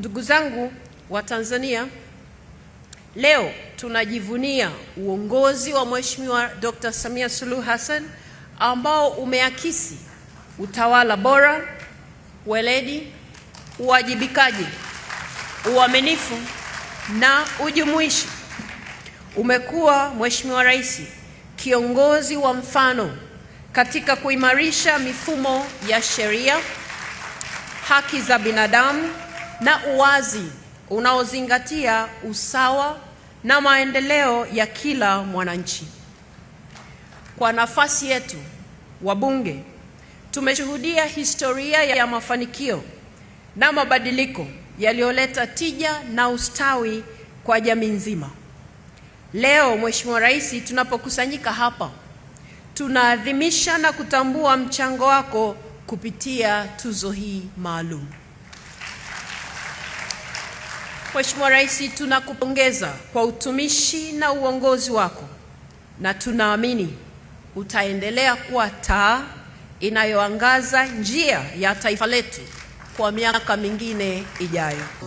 Ndugu zangu wa Tanzania, leo tunajivunia uongozi wa Mheshimiwa Dr. Samia Suluhu Hassan ambao umeakisi utawala bora, weledi, uwajibikaji, uaminifu na ujumuishi. Umekuwa Mheshimiwa Rais kiongozi wa mfano katika kuimarisha mifumo ya sheria, haki za binadamu na uwazi unaozingatia usawa na maendeleo ya kila mwananchi. Kwa nafasi yetu wabunge, tumeshuhudia historia ya mafanikio na mabadiliko yaliyoleta tija na ustawi kwa jamii nzima. Leo Mheshimiwa Rais, tunapokusanyika hapa tunaadhimisha na kutambua mchango wako kupitia tuzo hii maalum. Mheshimiwa Rais, tunakupongeza kwa utumishi na uongozi wako na tunaamini utaendelea kuwa taa inayoangaza njia ya taifa letu kwa miaka mingine ijayo.